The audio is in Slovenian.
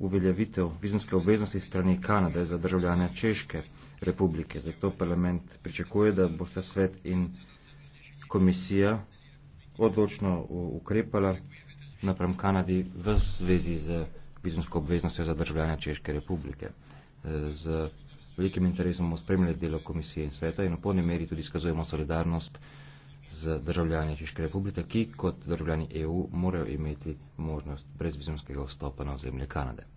uveljavitev vizumske obveznosti strani Kanade za državljane Češke republike. Zato parlament pričakuje, da boste svet in komisija odločno ukrepala naprem Kanadi v zvezi z vizumsko obveznostjo za državljane Češke republike. E, z velikim interesom bomo spremljali delo komisije in sveta in v polni meri tudi skazujemo solidarnost za državljane Češke republike, ki kot državljani EU morajo imeti možnost brezvizumskega vstopa na ozemlje Kanade.